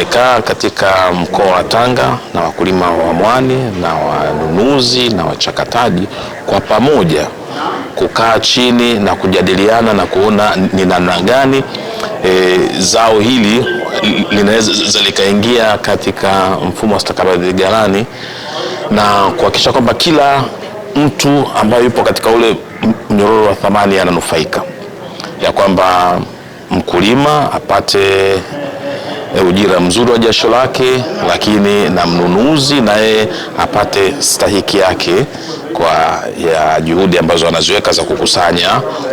Tumekaa katika mkoa wa Tanga na wakulima wa mwani na wanunuzi na wachakataji kwa pamoja kukaa chini na kujadiliana na kuona ni namna gani e, zao hili linaweza likaingia katika mfumo wa stakabadhi ghalani na kuhakikisha kwamba kila mtu ambaye yupo katika ule mnyororo wa thamani ananufaika, ya kwamba mkulima apate Eh, ujira mzuri wa jasho lake, lakini na mnunuzi naye apate stahiki yake kwa ya juhudi ambazo anaziweka za kukusanya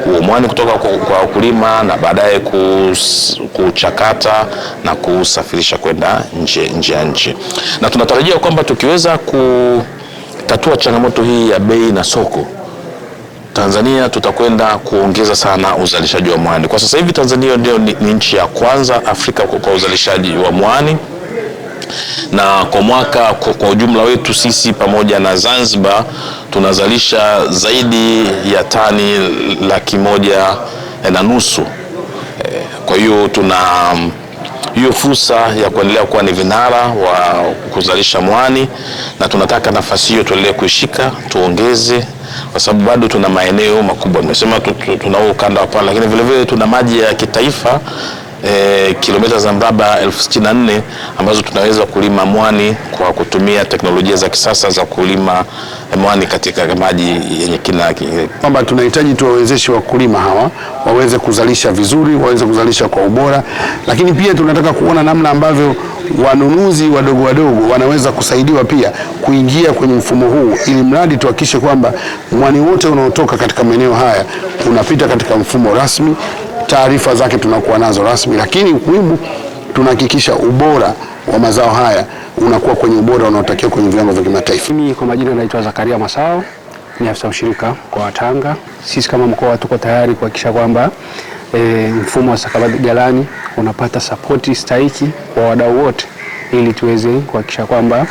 huo mwani kutoka kwa wakulima na baadaye kuchakata na kusafirisha kwenda nje nje ya nchi, na tunatarajia kwamba tukiweza kutatua changamoto hii ya bei na soko Tanzania tutakwenda kuongeza sana uzalishaji wa mwani. Kwa sasa hivi Tanzania ndio ni, ni nchi ya kwanza Afrika kwa, kwa uzalishaji wa mwani na kwa mwaka kwa, kwa ujumla wetu sisi pamoja na Zanzibar tunazalisha zaidi ya tani laki moja eh, na nusu. Eh, kwa hiyo tuna hiyo fursa ya kuendelea kuwa ni vinara wa kuzalisha mwani, na tunataka nafasi hiyo tuendelee kuishika, tuongeze kwa sababu bado tuna maeneo makubwa, nimesema tuna ukanda wa pwani, lakini vilevile tuna maji ya kitaifa e, kilomita za mraba elfu sitini na nne ambazo tunaweza kulima mwani kwa kutumia teknolojia za kisasa za kulima mwani katika maji yenye kina kwamba tunahitaji tuwawezeshe wakulima hawa waweze kuzalisha vizuri, waweze kuzalisha kwa ubora, lakini pia tunataka kuona namna ambavyo wanunuzi wadogo wadogo wanaweza kusaidiwa pia kuingia kwenye mfumo huu, ili mradi tuhakikishe kwamba mwani wote unaotoka katika maeneo haya unapita katika mfumo rasmi, taarifa zake tunakuwa nazo rasmi, lakini muhimu tunahakikisha ubora wa mazao haya unakuwa kwenye ubora unaotakiwa kwenye viwango vya kimataifa. Mimi kwa majina naitwa Zakaria Masao, ni afisa ushirika kwa Tanga. Sisi kama mkoa tuko tayari kuhakikisha kwamba e, mfumo wa stakabadhi ghalani unapata sapoti stahiki kwa wadau wote ili tuweze kuhakikisha kwamba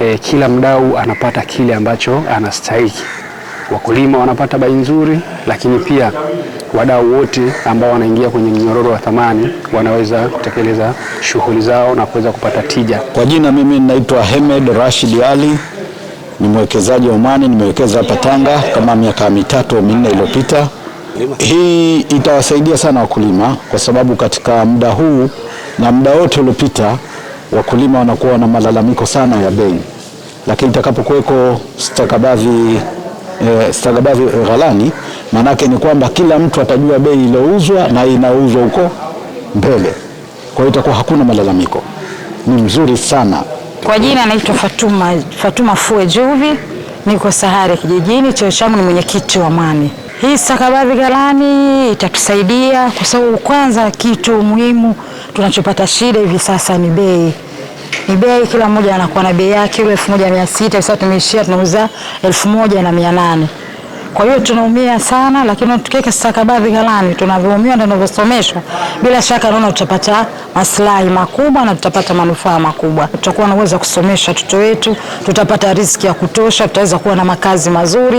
e, kila mdau anapata kile ambacho anastahiki. Wakulima wanapata bei nzuri, lakini pia wadau wote ambao wanaingia kwenye mnyororo wa thamani wanaweza kutekeleza shughuli zao na kuweza kupata tija. Kwa jina mimi ninaitwa Hemed Rashid Ali, ni mwekezaji wa Omani, nimewekeza hapa Tanga kama miaka mitatu au minne iliyopita. Hii itawasaidia sana wakulima kwa sababu katika muda huu na muda wote uliopita wakulima wanakuwa na malalamiko sana ya bei, lakini itakapokuweko stakabadhi e, stakabadhi ghalani, maanake ni kwamba kila mtu atajua bei iliyouzwa na inauzwa huko mbele. Kwa hiyo itakuwa hakuna malalamiko, ni mzuri sana. Kwa jina naitwa Fatuma, Fatuma Fue Juvi, niko Sahare kijijini, cheo changu ni mwenyekiti wa Mani hii stakabadhi ghalani itatusaidia kwa sababu kwanza kitu muhimu tunachopata shida hivi sasa ni bei ni bei, kila mmoja anakuwa na bei yake. Yule elfu moja mia sita sasa tumeishia tunauza elfu moja na mia nane kwa hiyo tunaumia sana, lakini tukiweka stakabadhi ghalani, tunavyoumia ndio tunavyosomeshwa, bila shaka naona tutapata maslahi makubwa na tutapata manufaa makubwa. Tutakuwa na uwezo wa kusomesha watoto wetu, tutapata riziki ya kutosha, tutaweza kuwa na makazi mazuri.